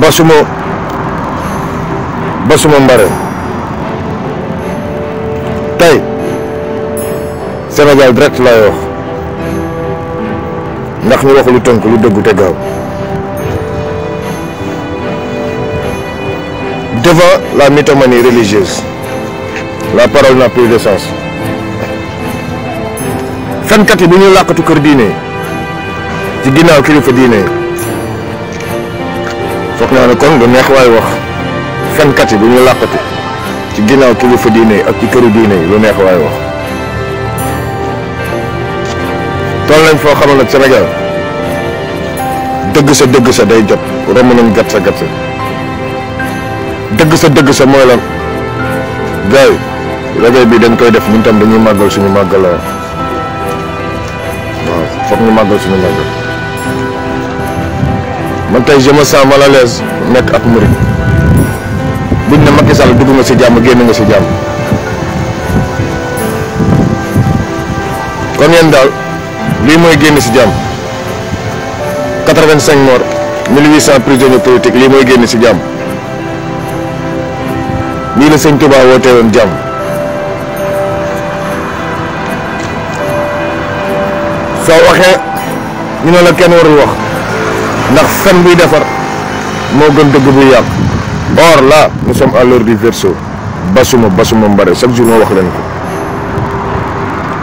basuma basuma mbare tay senegal direct la wax ndax ñu wax lu tënk lu deggu te gaw devant la mythomanie religieuse la parole n'a plus de sens fenkat bu ñu kër diiné ci kilifa diiné wax na ne kon lu neex way wax fenkat yi bu ñu làqati ci ginnaaw kilifa diine ak ci këru diine lu neex way wax tol lañ fo xamal nag senegal deug sa deug sa day jot romb nañ gat sa gat deug sa deug sa moy lan gay yi rajo bi dañ koy def ñun tam dañuy magal suñu magal waaw foog ñu màggal suñu magal man tey je me sens mal à l'aise nekk ab murid buñ ne Macky Sall dugg nga si jàmm génn nga ci jàmm kon yéen daal lii mooy génn ci jàmm 85 morts 1800 prisonniers politiques lii mooy génn si jàmm lii la sëñ Touba wootee woon jàmm soo waxee ñu ne la kenn warul wax. ndax fen buy defar moo gën dëgg buy yàq or là nous sommes à l'heure du verseau basuma basuma mbare chaque jour moo wax leen ko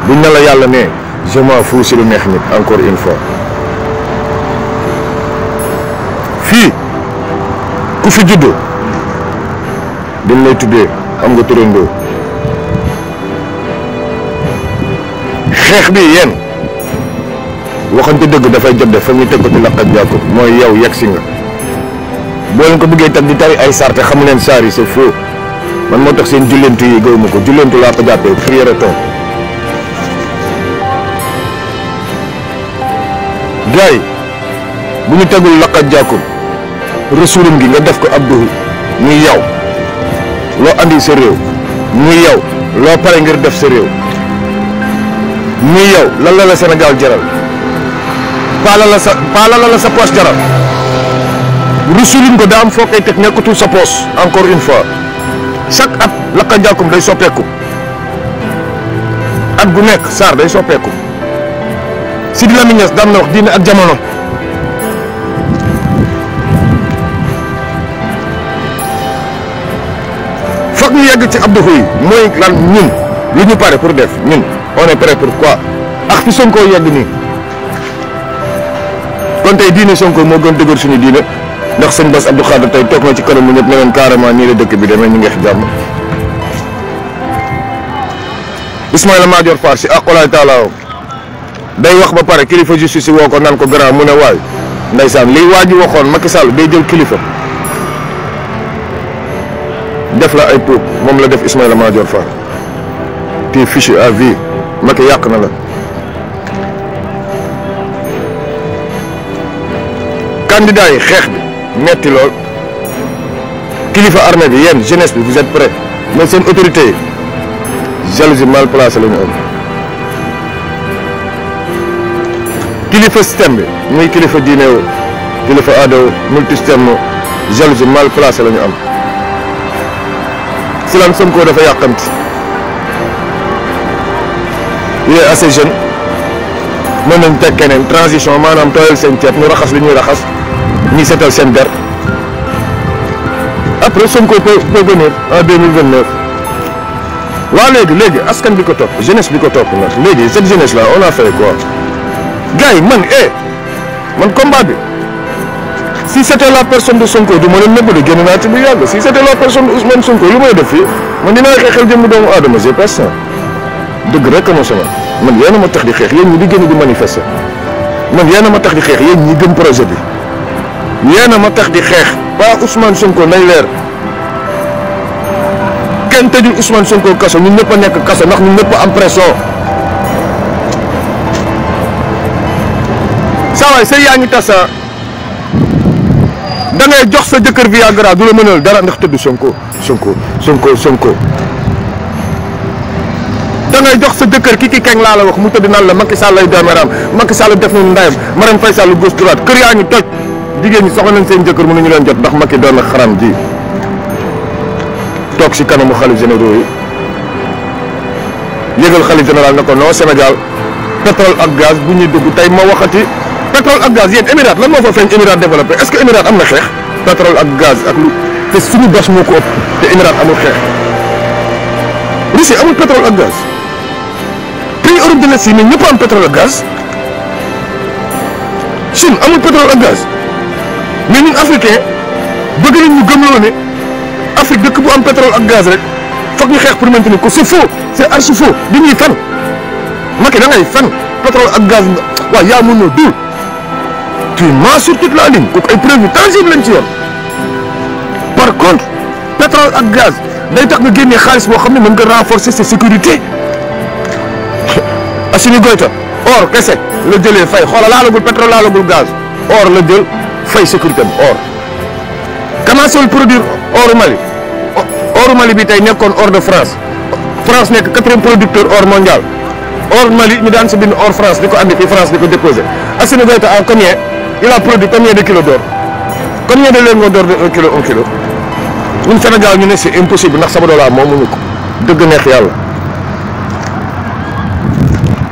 buñ ne la yàlla ne je m'en si lu neex nit encore une fois fii ku fi judd dañ lay tuddee am nga turandoo xeex bi yéen waxante dëgg dafay jot def fa ñu teg ci laqat jàkku moy yow yegg nga bo leen ko bëggee tam di tari ay sarté xamu leen sari c'est faux man mo tax seen julentu yi gëw mako julentu la ko jappé prière to gay bu ñu tegul laqat jàkku rasuulam gi nga def ko abduhu muy yow lo andi sa rew muy yow lo paré ngir def sa rew muy yow la la Sénégal jaral paala sa paala sa poche rusulin ko da am foo sa poche encore une fois chaque at lakka njàkkum day sopeku at gu nek sar day sopeku sidi lamines dam na wax dina ak jamono fokk ñu yegg ci abdou xuy moy lan ñun lu ñu paré pour def ñun on est prêt pour quoi ak fi sonko yegg ni kon tey diine Sonko moo gën dëgër suñu diine ndax sëñ bas Abdou Khadre tey toog na ci kanam ñëpp ne leen carrément nii la dëkk bi demee ñu ngi wax jàmm. Ismaïla Madior Fall si akulaay ah, taalaaw day wax ba pare kilifa justice woo ko naan ko grand mu ne waay ndeysaan liy waa ji waxoon Macky Sall day jël kilifa def la ay tuub moom la def Ismaïla Madior Fall te fichu à vie Macky yàq na la. candidat yi xeex bi metti lool kilifa armée bi yéen jeunesse bi vous êtes prêts mais seen autorité yi jalousie mal placée la ñu am kilifa système bi muy kilifa diine woo kilifa aada woo multi système woo jalousie mal placée la ñu am si lan Sonko dafa yàqamti il est assez jeune mën nañ teg keneen transition maanaam tooyal seen ceeb ñu raxas li ñuy raxas Ni cette ancienne après Sonko peut venir en 2029 jeunesse bi cette jeunesse là on a fait quoi gars man eh, man combat si c'était la personne de Sonko du ne le pas de si c'était la personne de Ousmane Sonko je ne sais pas si suis personne. doomu pas ça de manifester man de di projet yéen a ma tax di xeex waa Ousmane Sonko nañ leer kenn tëjul Ousmane Sonko kaso ñun ñëpp a nekk kaso ndax ñun ñëpp a am pression. saa waay sëy yaa ngi tas da ngay jox sa jëkkër Viagra du la mënal dara ndax tëdd Sonko Sonko Sonko Sonko. da ngay jox sa jëkkër kii kii kañ laa la wax mu tëdd naan la def ndayam jigéen ñi soxla nañ seen jëkkër mënuñu leen jot ndax Macky doon na xaram ji toog si kanamu xalif généraux yi yëgal xalif général ne ko non Sénégal pétrole ak gaz bu ñuy dugg tey ma waxati pétrole ak gaz yéen Émirats lan moo fa feeñ Émirats développé est-ce que Émirats am na xeex pétrole ak gaz ak lu te suñu dos moo ko ëpp te Émirats amul xeex Russie amul pétrole ak gaz pays Europe de l'Est yi mais ñëpp am pétrole ak gaz Chine amul pétrole ak gaz mais ñun africain bëgg nañ ñu gëmloo ne Afrique dëkk bu am pétrole ak gaz rek foog ñu xeex pour maintenir ko c'est faux c'est archi faux dañuy fan Macky da ngay fan pétrole ak gaz waaw yaa mën na dul tu mens sur toute la ligne kooku ay preuve tangible lañ ci yoon par contre pétrole ak gaz day tax nga génnee xaalis boo xam ne mën nga renforcer sa sécurité Assimi Goïta or kese la jëlee fay xoola laalagul pétrole laalagul gaz or la jël fay sécurité or kama sont produire or Mali or Mali bi tay nekkon or de France France nek 4e producteur or mondial or Mali ni dan ci bin or France diko andi fi France diko déposer Assane Goïta en ah, combien il a produit combien de kilos d'or combien de lengo d'or de 1 kilo 1 kilo ñun Sénégal ñu né c'est impossible ndax sama dollar momu ñuko deug neex yalla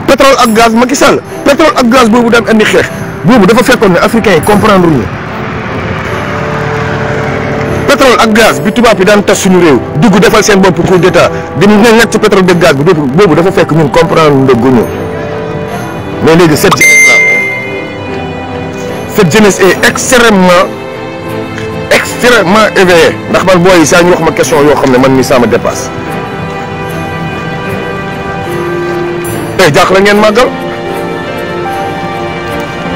pétrole ak gaz makissal pétrole ak gaz bobu dem andi xex Nous devons faire comme les Africains comprendre Le Pétrole et le gaz, si tu vas dans ta sunure, tu vas faire un bon pour coup d'état. Tu vas faire un pétrole et gaz, nous devons faire que nous comprenions Mais les cette jeunesse-là, cette jeunesse est extrêmement, extrêmement éveillée. Parce que moi, ici, nous avons une question qui me dépasse. Mais, vous avez une question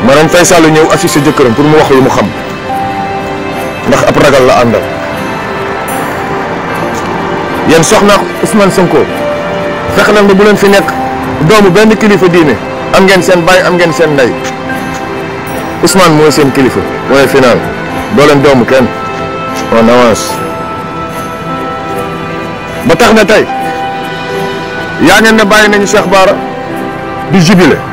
manam fay salu ñew sa jëkëram pour mu wax yu mu xam ndax ap ragal la andal yeen soxna Ousmane Sonko fex na bu len fi nek doomu ben kilifa diine am ngeen seen bay am ngeen seen nday Ousmane moy seen kilifa moy final do len doomu ken on avance ba tax na tay yaa ngeen ne bàyyi nañu Cheikh Bara di jubilé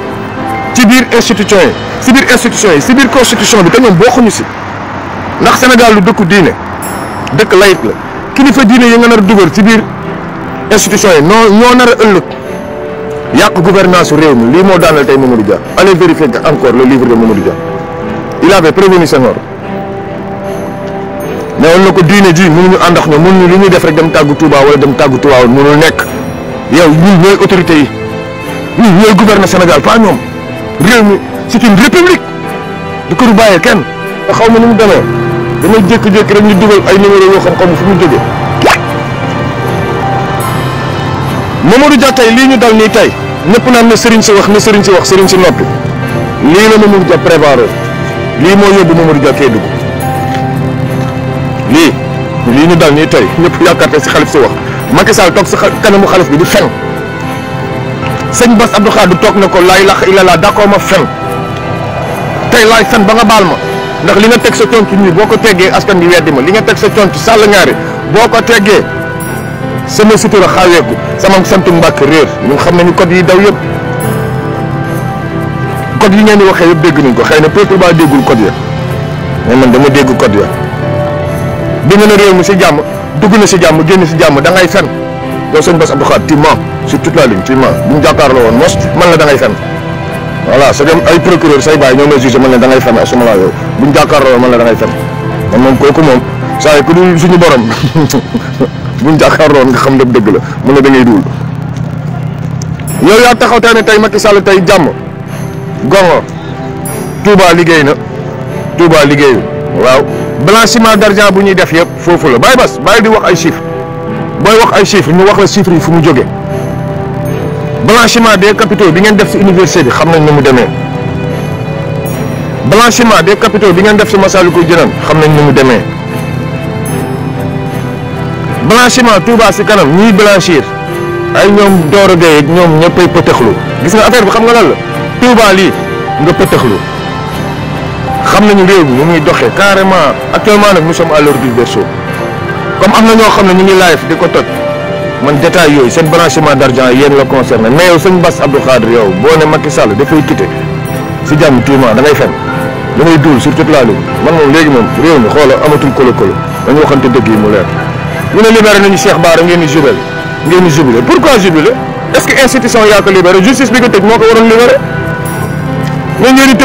ci biir institution yi si biir institution yi si biir constitution bi te ñoom bokkuñu si ndax Sénégal lu dëkku diine dëkk layit la kilifa diine yi nga nar a dugal ci biir institution yi noo ñoo nar a ëllëg yàq gouvernance su réew mi lii moo daanal tey di Dia allez vérifier encore le livre de Mamadou Dia il avait prévenu Senghor ne woon na ko diine ji mënuñu ànd ak ñoom mënuñu li ñuy def rek dem tàggu Touba wala dem tàggu Touba nekk yow ñun yi ñun ñooy gouverner Sénégal pas réew mi c'est une république du ko kenn te xaw ma nu mu demee damay jékki-jékki rek ñu dugal ay numéro yoo xam-xam fu mu jógee Mamadou Dia tey lii ñu dal nii tey ñëpp naan na Serigne si wax na Serigne si wax si noppi lii la Mamadou Dia préparé lii moo yóbbu Mamadou Dia kee dugg lii lii ñu dal nii tey ñëpp yaakaar si xalif si wax Macky Sall toog si kanamu xalif bi di fen sëñ Bass Abdou Khadre toog na ko laay lax ila laa d'accord ma fen tey laay fen ba nga baal ma ndax li nga teg sa tontu nii boo ko teggee askan bi weddi ma li nga teg sa tontu sàll ngaari boo ko teggee sama sutura xaaweeku sama santu mbàkk réer ñun xam nañu code yi daw yëpp code yi ngeen di waxee yëpp dégg nañ ko xëy na peuple ba déggul code ya mais man dama dégg code ya bi nga ne réew mi si jàmm dugg na si jàmm génn si jàmm da ngay fen yow ya, ya, oh. bas abu khat timah timma sur toute la ligne timma buñ jàkkaarloo woon mos man la da ngay wala sedem ay procureur say bàyyi ñoo may jugé man la da ngay fen asuma laa yow buñ jàkkaarloo woon man la da ngay fen man mom kooku moom saa yi ku dul suñu borom buñ jàkkaarloo woon nga xam lépp dëgg la mu ne da ngay yow yaa taxaw tey ne Macky Sall gongo Touba liggéey na Touba liggéeyu waaw blanchiment d'argent bu ñuy def yëpp fofu la bàyyi bas bàyyi di wax ay chiffres booy wax ay chiffres ñu wax la chiffres yi fu mu jógee blanchiment des capitaux bi ngeen def si université bi xam nañ ni mu demee blanchiment des capitaux bi ngeen def si Massalikul Jinaan xam nañ ni mu demee blanchiment Touba si kanam ñuy blanchir ay ñoom Doro Gueye ñoom ñëppay pëtëxlu gis nga affaire bi xam nga lan la Touba lii nga pëtëxlu xam nañu réew mi nu muy doxee carrément actuellement nag nous sommes à l'heure du verseau comme am na ñoo xam ne ñu ngi live di ko toj man détail yooyu seen blanchiment d' argent yéen la concerné mais yow sëñ Bass Abdou Khadre yow boo ne Macky Sall dafay quitté si jàmm tuuma da ngay fen da ngay duul sur toute la man moom léegi moom réew mi xoola amatul kolo kolo dañu waxante dëgg yi mu leer ñu ne libéré nañu Cheikh Bara ngeen di jubel ngeen di jubilé pourquoi jubilé est-ce que institution yaa ko libéré justice bi nga tëj moo ko waroon libéré mais ngeen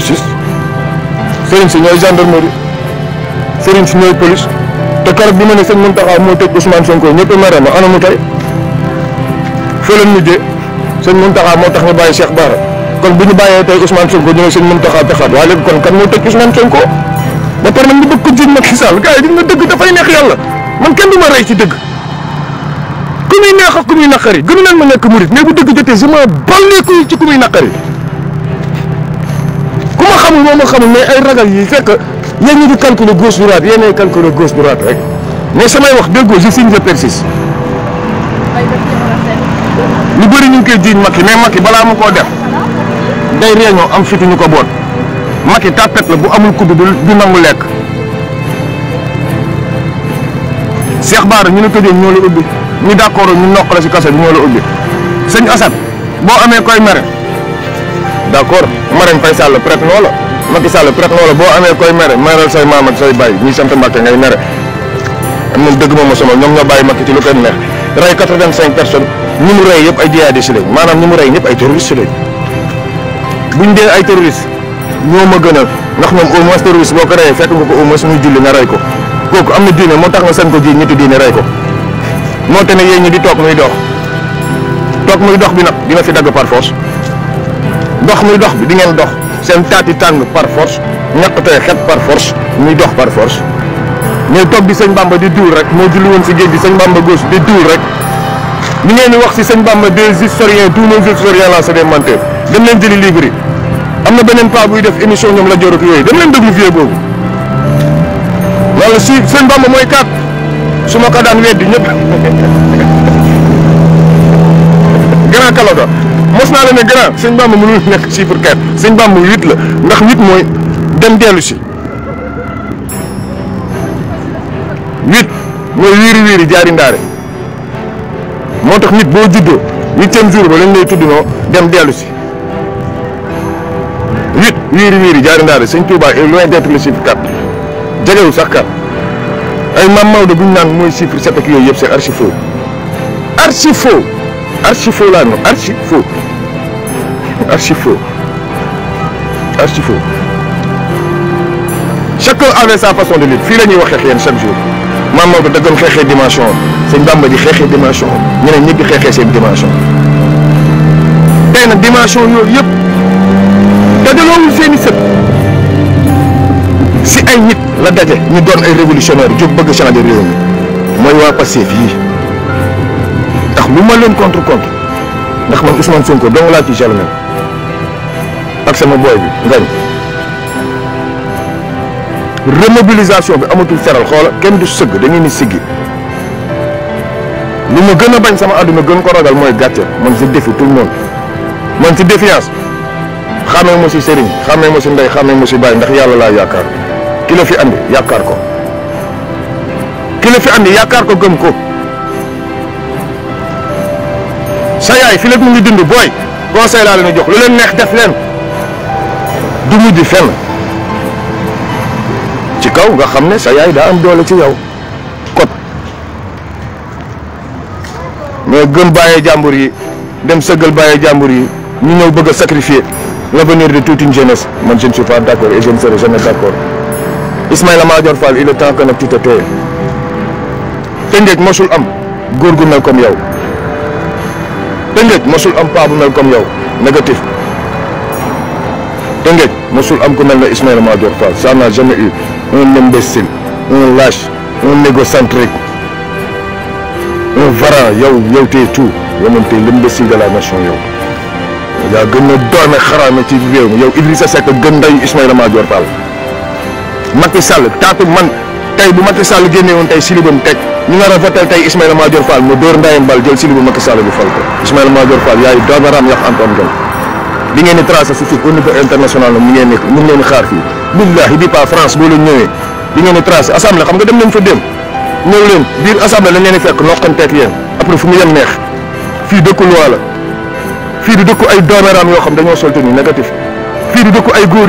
di tëb sëriñ si ñooy gendarmerie sëriñ si ñooy police te keroog bi ma ne sëñ Mountakha moo tëj Ousmane Sonko ñëpp mere ma ana mu tey fële mu mujjee sëñ Mountakha moo tax ñu bàyyi Cheikh Bara kon bu ñu bàyyee tey Ousmane Sonko ñu ne sëñ Mountakha taxaat waaye léegi kon kan moo tëj Ousmane Sonko ba pare nag ñu bëgg ko jiñ Macky Sall gars yi di dëgg dafay neex yàlla man kenn du ma rey ci dëgg ku muy neex a ku muy naqari gënu leen ma nekk murit mais bu dëgg jotee je me bal ci ku muy xamul moom moo xamul mais ay ragal yi fekk yéen ñi di calculer gauche droite yéen ay gos gauche droite rek mais samay wax déggoo je signe je persiste. lu bëri ñu ngi koy jiiñ Macky mais Macky balaa mu koo def day réunion am fitu ñu ko boot Macky tàppet la bu amul kudd du nangu lekk. Cheikh Bara ñu ne tëjoon ñoo la ubbi ñu d'accord ñu nokk la si kaso ñoo la ubbi sëñ Assane boo amee koy mere. d'accord accord Marème Faye Sall prête nolo la Macky Sall prête nolo bo amé koy mere meral say maam ak say bay ñi sante mbacké ngay mere moom dëgg ma sama ñom ñoo bay Macky ci lu koy neex ray 85 personnes ñi mu ray yépp ay jihadiste lay manam ñi mu ray ñépp ay terroriste lay buñ dé ay terroriste ñoo ma gënal ndax ñoom au moins terroriste boko ray fék nga ko au moins muy julli nga ray ko koku am na diiné mo tax nga sen ko diiné ñetti diiné ray ko mo tane yeñu di tok, muy dox tok muy dox bi nak dina fi dag par force dox muy dox bi di ngeen dox seen taati tàng par force ñaqtee xet par force muy dox par force ñooy toog di sëñ bamba di duul rek moo julli woon si géej gi sëñ bamba gauche di duul rek ni ngeen di wax si sëñ bamba des historiens tous nos historiens là c'est des menteurs dem leen jëli livre yi am na beneen paa buy def émission ñoom la jorok yooyu dañ leen déglu vieux boobu loolu si sëñ bamba mooy kaat su ma ko daan weddi ñëpp grand kalodo mos naa la ne grand sëñ Bamba mënul nekk chiffre 4 sëñ Bamba 8 la ndax 8 mooy dem dellu si 8 mooy wiiri wiiri jaari ndaare moo tax nit boo juddoo huitième jour ba lañ lay tudd dem dellu si 8 wiiri wiiri jaari ndaare sëñ Touba est loin d'être le chiffre 4 jegewul sax 4 ay maam Maodo bu ñu naan mooy chiffre 7 ak yooyu yëpp c'est archi faux archi faux laa noonu archi faux archi faux archi faux chacun avait sa façon de vivre fii la ñuy wax chaque jour maam Maodo daggoon xeexee dimension sëñ Bamba di xeexee dimension ñene ñi di xeexee seen dimension tey nag dimension yooyu yëpp dajaloowul seen i sët si ay nit la daje ñu doon ay révolutionnaire jóg bëgg changer réew mi moy wa passé fi lu ma leen contre contre ndax man Ousmane Sonko dong laa ci jalonel ak sama booy bi ngañ remobilisation bi amatul feral xoola kenn du sëgg dañuy ni siggi lu ma gën a bañ sama àdduna gën ko ragal mooy gàcce man je défie tout le monde man ci défiance xamee mo si sëriñ xamee mo si ndey xamee mo si bàyyi ndax yàlla laa yaakaar ki la fi andi yaakaar ko ki la fi andi yaakaar ko gëm ko sa yaay fi la ñu ngi dund booy conseil laa leen jox lu leen neex def leen du mujj fenn ci kaw nga xam ne sa yaay daa am doole ci yow kot mais gën bàyyee jàmbur yi dem sëggal bàyyee jàmbur yi ñu ñëw bëgg a sacrifier l'avenir de toute une jeunesse man je ne suis pas d'accord et je ne serai jamais d'accord Ismaïla Madior Fall il est temps que nag tu te téye mosul am góor gu mel comme yow Tengé, mosul Ampar comme yow négatif Je mosul am ça n'a jamais eu un imbécile un lâche un négocentrique. un varin, yow es tout yow l'imbécile de la nation yow. Il y a y a ci réew qui yow Idrissa Seck Il Ismaïla Madior Fall Macky Sall man. tey bu Macky Sall génne woon tey silibam teg ñu nar a votel tey Ismaïla Madior Fall mu dóor ndayam bal jël silibu Macky Sall bi fal Ismaïla Madior Fall yaay doobaram yax Antoine Diome bi ngeen di tracé si fii au mu ngeen di mu ngeen xaar fii billahi bi pas France boo leen ñëwee bi ngeen di tracé xam nga dem nañ fa dem leen biir assemblée lañ leen di fekk noqanteeg yéen après fu mu yem neex fii dëkku loi fii yoo xam dañoo soltenu négatif fii di dëkku ay góor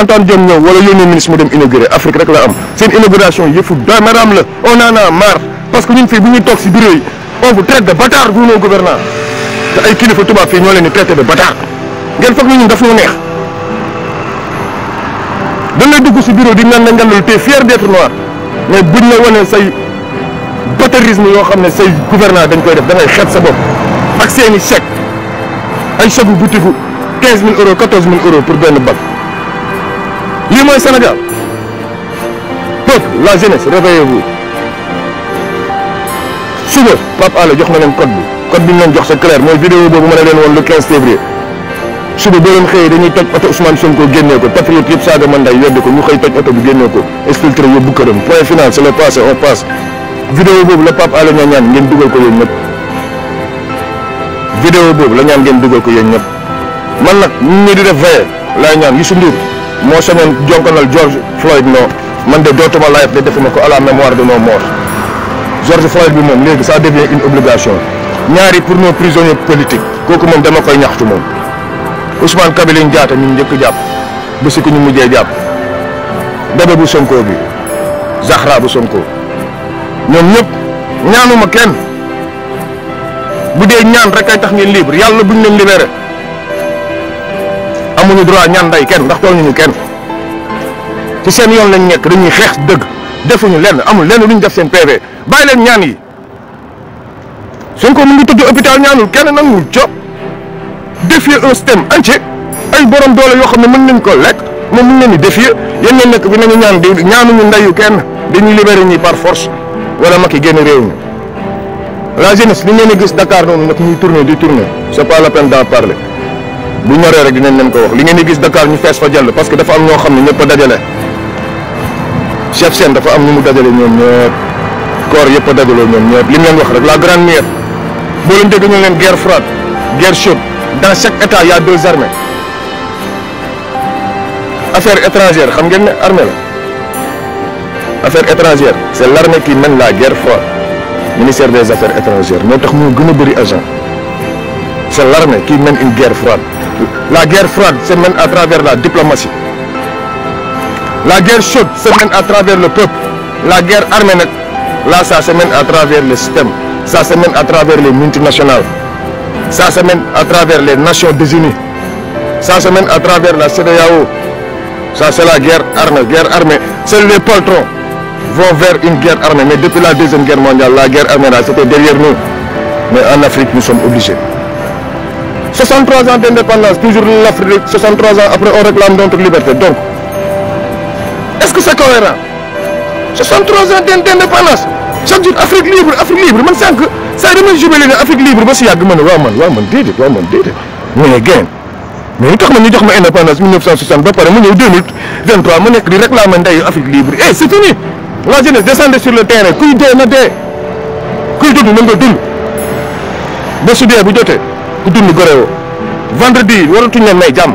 Antoine tant ministre mu dem inauguré Afrique rek la am seen inauguration yëfu madame, on en a marre parce que nous faisons bu ñuy on vous traite de bâtard vous nos gouvernants ay kilifa fi ñoo leen de bâtard ngeen fakk ñu neex dañ dugg bureau fier d'être noir mais buñ la wone say le yoo xamné say gouvernant dañ koy def da ngay sa bopp ak seen chèque ay chèque bu 15000 euros 14000 euros pour benn bac lii mooy Sénégal peuple la jeunesse réveillez-vous suba Pape Alé jox na leen code bi code bi ñu leen jox sa clair mooy vidéo boobu ma ne leen woon le 15 février suba boo leen xëyee dañuy toj oto Ousmane Sonko génnee ko patriote yëpp saaga man day weddi ko ñu xëy toj oto bi génnee ko exfiltré yóbbu këram point final c'est le passé on passe vidéo boobu la Pape Alé ñoo ñaan ngeen dugal ko yéen ñëpp vidéo boobu la ñaan ngeen dugal ko yéen ñëpp man nag ñun di def veillé ñaan Youssou Ndour moo sañoon jonkanal George Floyd non man de dootuma laajat ne defuma ko à la mémoire de nos morts George Floyd bi moom léegi sax devient une obligation ñaari pour nos prisonniers politiques kooku moom dama koy ñaxtu moom Ousmane Kabiline Diatta ñu njëkk jàpp ba si ku ñu mujjee jàpp Dabe bu Sonko bi Zahra bu Sonko ñoom ñëpp ñaanuma kenn bu dee ñaan rek ay tax ngeen libre yàlla buñ leen libéré. amuñu droit ñaan nday kenn ndax tooñu ñu kenn ci seen yoon lañ nekk dañuy xeex dëgg defuñu lenn amul lenn ñu def seen PV bàyyi leen ñaan yi suñ ko mu ngi tëdd hôpital ñaanul kenn nanguwul co défier un système entier ay borom doole yoo xam ne mën nañ ko lekk moom mën leen di défier yéen ña nekk bi nañu ñaan di ñaanuñu ndeyu kenn dañuy libéré ñi par force wala Macky génn réew mi la jeunesse li ngeen di gis Dakar noonu nag ñuy tourner di tourner c'est pas la peine d'en parler. bu ñoré rek dinañ leen ko wax li ngeen di gis Dakar ñu fess fa jël parce que dafa am ño xamni ñepp ñëpp chef sen dafa am ñu mu ñom ñepp koor yëpp dajaloo ñom ñepp li ngeen wax rek la grande mère bo leen dégg ñu leen guerre froide guerre chaude dans chaque état il y a deux armées affaire étrangère xam ngeen ne armée la affaire étrangère c'est l'armée qui mène la guerre froide ministère des affaires étrangères moo tax moo gën a bëri agent C'est l'armée qui mène une guerre froide. La guerre froide se mène à travers la diplomatie. La guerre chaude se mène à travers le peuple. La guerre armée, là, ça se mène à travers le système. Ça se mène à travers les multinationales. Ça se mène à travers les Nations Désunies. Ça se mène à travers la CDAO. Ça, c'est la guerre armée. Guerre armée. Seuls les poltrons vont vers une guerre armée. Mais depuis la Deuxième Guerre mondiale, la guerre armée, c'était derrière nous. Mais en Afrique, nous sommes obligés. 63 ans d'indépendance, toujours l'Afrique, 63 ans après on réclame notre liberté. Donc, est-ce que c'est cohérent 63 ans d'indépendance, chaque jour Afrique libre, Afrique libre, man sànq ça jubilé Afrique libre ba si des dit, man man man mais qui tax man ñu jox 1960 ba avons 2023 mu nekk di libre eh c'est fini la jeunesse sur le terrain kuy qui na kuy dit ku dund vendredi waratuñ leen may jàmm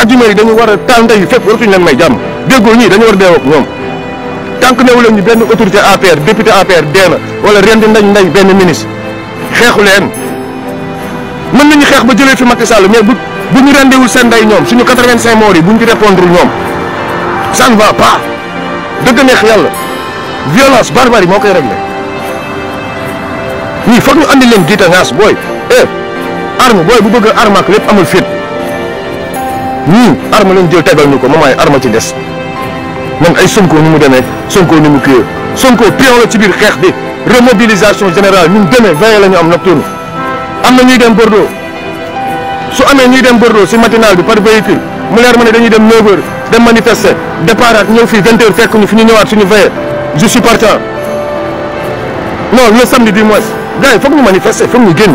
ajuma yi dañu war a taal ndey fépp waratuñ leen may jàmm déggoo ñii dañu war a deew ak ñoom tànk newu leen ñu benn autorité APR député APR dee na wala rendi ndañ ndañ benn ministre xeexu leen mën nañu xeex ba jëlee fi Macky Sall mais bu bu ñu rendewul seen ndey ñoom suñu 85 morts yi ci répondre ñoom ça ne va pas dëgg neex yàlla violence barbarie moo koy régler ñii foog ñu andi leen giita ngaas booy arme booy bu bëgg arme ak lépp amul fit ñii arme lañ jël tegal ñu ko moom ay arme ci des man ay Sonko ni mu demee Sonko ni mu kiiyee Sonko pion la ci biir xeex bi remobilisation générale ñun demee veille la ñu am nocturne am na ñuy dem Bordeaux su amee ñuy dem Bordeaux si matinal bi par véhicule mu leer ma ne dañuy dem 9h dem manifester départ at ñëw fii 20h fekk ñu fi ñu ñëwaat suñu veille je suis partant non le di du mois gars yi foog ñu manifester foog génn.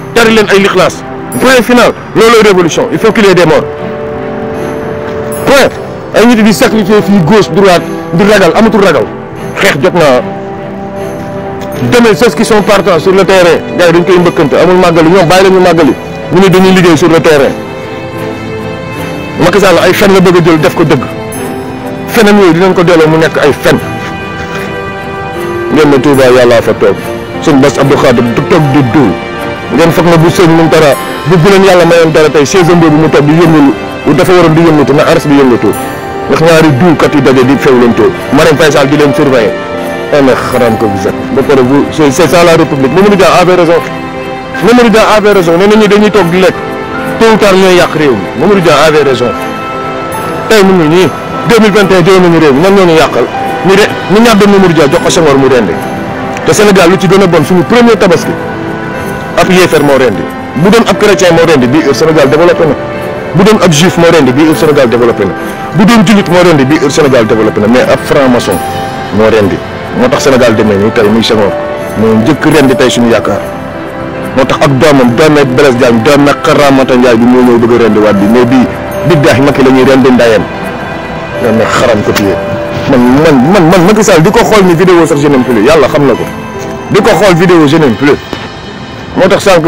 tari leen ay lixlaas point final loolooy révolution il faut qu'il y ait des morts point ay nit di sacrifier fii gauche droite di ragal amatul ragal xeex jot naa demee ceux qui sont partants sur le terrain gars yi dañ koy mbëkkante amul màggali ñoom bàyyi la ñu màggali ñu ne dañuy liggéey sur le terrain Macky Sall ay fen la bëgg jël def ko dëgg fenam yooyu dinañ ko delloo mu nekk ay fen ngeen ne Touba yàllaa fa toog suñu bés Abdou Khadre du di duul ngeen foog na bu sëñ mun dara bu bu leen yàlla mayoon dara tey saison boobu mu toog di yëngalu bu dafa waroon di yëngatu na aras bi yëngatu ndax ñaari duukat yi daje di fewlantoo Marème Faye Sall di leen surveiller ana xaram ko vous ba pare vous c'est ça république Mamadou Dia avait raison Mamadou Dia avait raison lekk tôt ou ñooy yàq réew mi Mamadou Dia raison tey mu ngi nii 2021 réew mi ñoom ñoo ñu yàqal ñu de jox ko mu rendi ab yéefar moo rendi bu doon ab chrétien moo rendi bii heure Sénégal développé na bu doon ab juif moo rendi bii heure Sénégal développé na bu doon jullit moo rendi bii heure Sénégal développé na mais ab franc maçon moo rendi moo tax Sénégal demee nii tey muy Senghor moo njëkk rendi tey suñu yaakaar moo tax ak doomam doomee Blaise Diagne doomee Karamata Ndiaye bi moo ñëw bëgg a rendi waat bi mais bii biddaah yi Macky la ñuy rendi ndayam nga ne xaram ko téye man man man man Macky Sall di ko ko moo tax sànq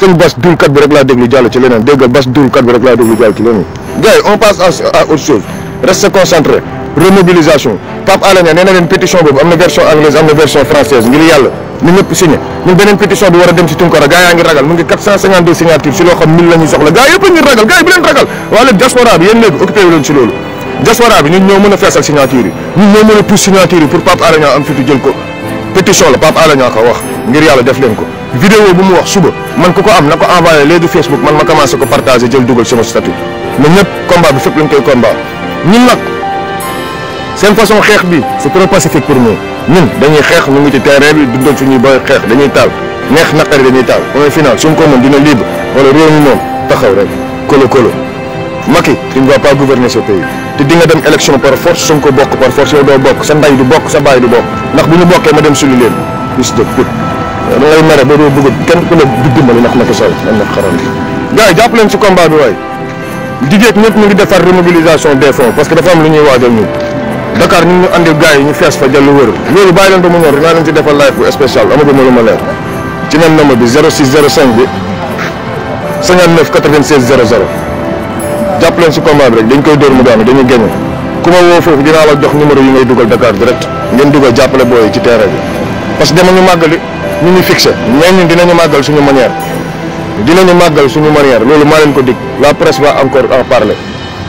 sëñ bas dulkat bi rek laa déglu jàll ci leneen dégg nga bas dulkat bi rek laa déglu jàll ci leneen. gars on passe à autre chose reste concentré remobilisation Pape Alé Niang nee pétition boobu am na version anglaise am na version française ngir yàlla ñu ñëpp signé ñun beneen pétition bi war dem ci Tunkara gars yaa ngi ragal mu ngi si loo xam 1000 la ñuy soxla gars ragal gars yi bu bi yéen léegi occupé wu si loolu yàlla def leen ko vidéo bu mu wax suba man ko ko am nako envoyer envoyé du facebook man ma commencé ko partager jël dougal sama statut mais ñep combat bi fepp lañ koy combat ñun nak seen façon xex bi c'est trop pacifique pour nous ñun dañuy xex ñu ngi ci terrain bi dundal ñuy boy xex dañuy taal neex nakari dañuy taal au final suñ ko moom dina libre wala réew mi mom taxaw rek kolo kolo maki tu ne vas pas gouverner ce pays te di nga dem élection par force suñ ko bokk par force yow do bok sa nday du bok sa bay du bok ndax buñu ñu ma dem sulu len bis de pute da ngay mere ba doo bëgg kenn ku ne di dimbali ndax Macky Sall man nag xaral gi. gars yi jàpp si combat bi waay jigéen ñëpp ñu ngi defar remobilisation des fonds parce que dafa am lu ñuy waajal ñun Dakar ñu ngi andil gars yi ñu fees fa jàll wër loolu bàyyi leen ba mu ñor dinaa leen ci defal live bu spécial amaguma lu ma leer ci même numéro bi 0605 bi 59 96 si combat bi rek dañ koy dóor mu daanu dañuy génn ku ma woo foofu dinaa la jox numéro yi ngay dugal jàppale booy ci terrain bi parce que dama ñu ñu fixé mais ñun dinañu màggal suñu manière dinañu màggal suñu manière loolu maa leen ko dig la presse va encore en parler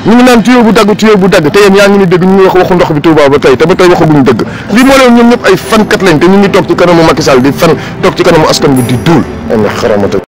ñu ngi naan tuyau bu dagg tuyau bu dagg te yéen yaa ngi ni dégg ñu ngi wax waxu ndox bi Touba ba tey te ba tey waxaguñu dëgg lii moo leen ñoom ñëpp ay fankat lañ te ñu ngi toog ci kanamu Macky Sall di fan toog ci kanamu askan bi di duul ay na xaramata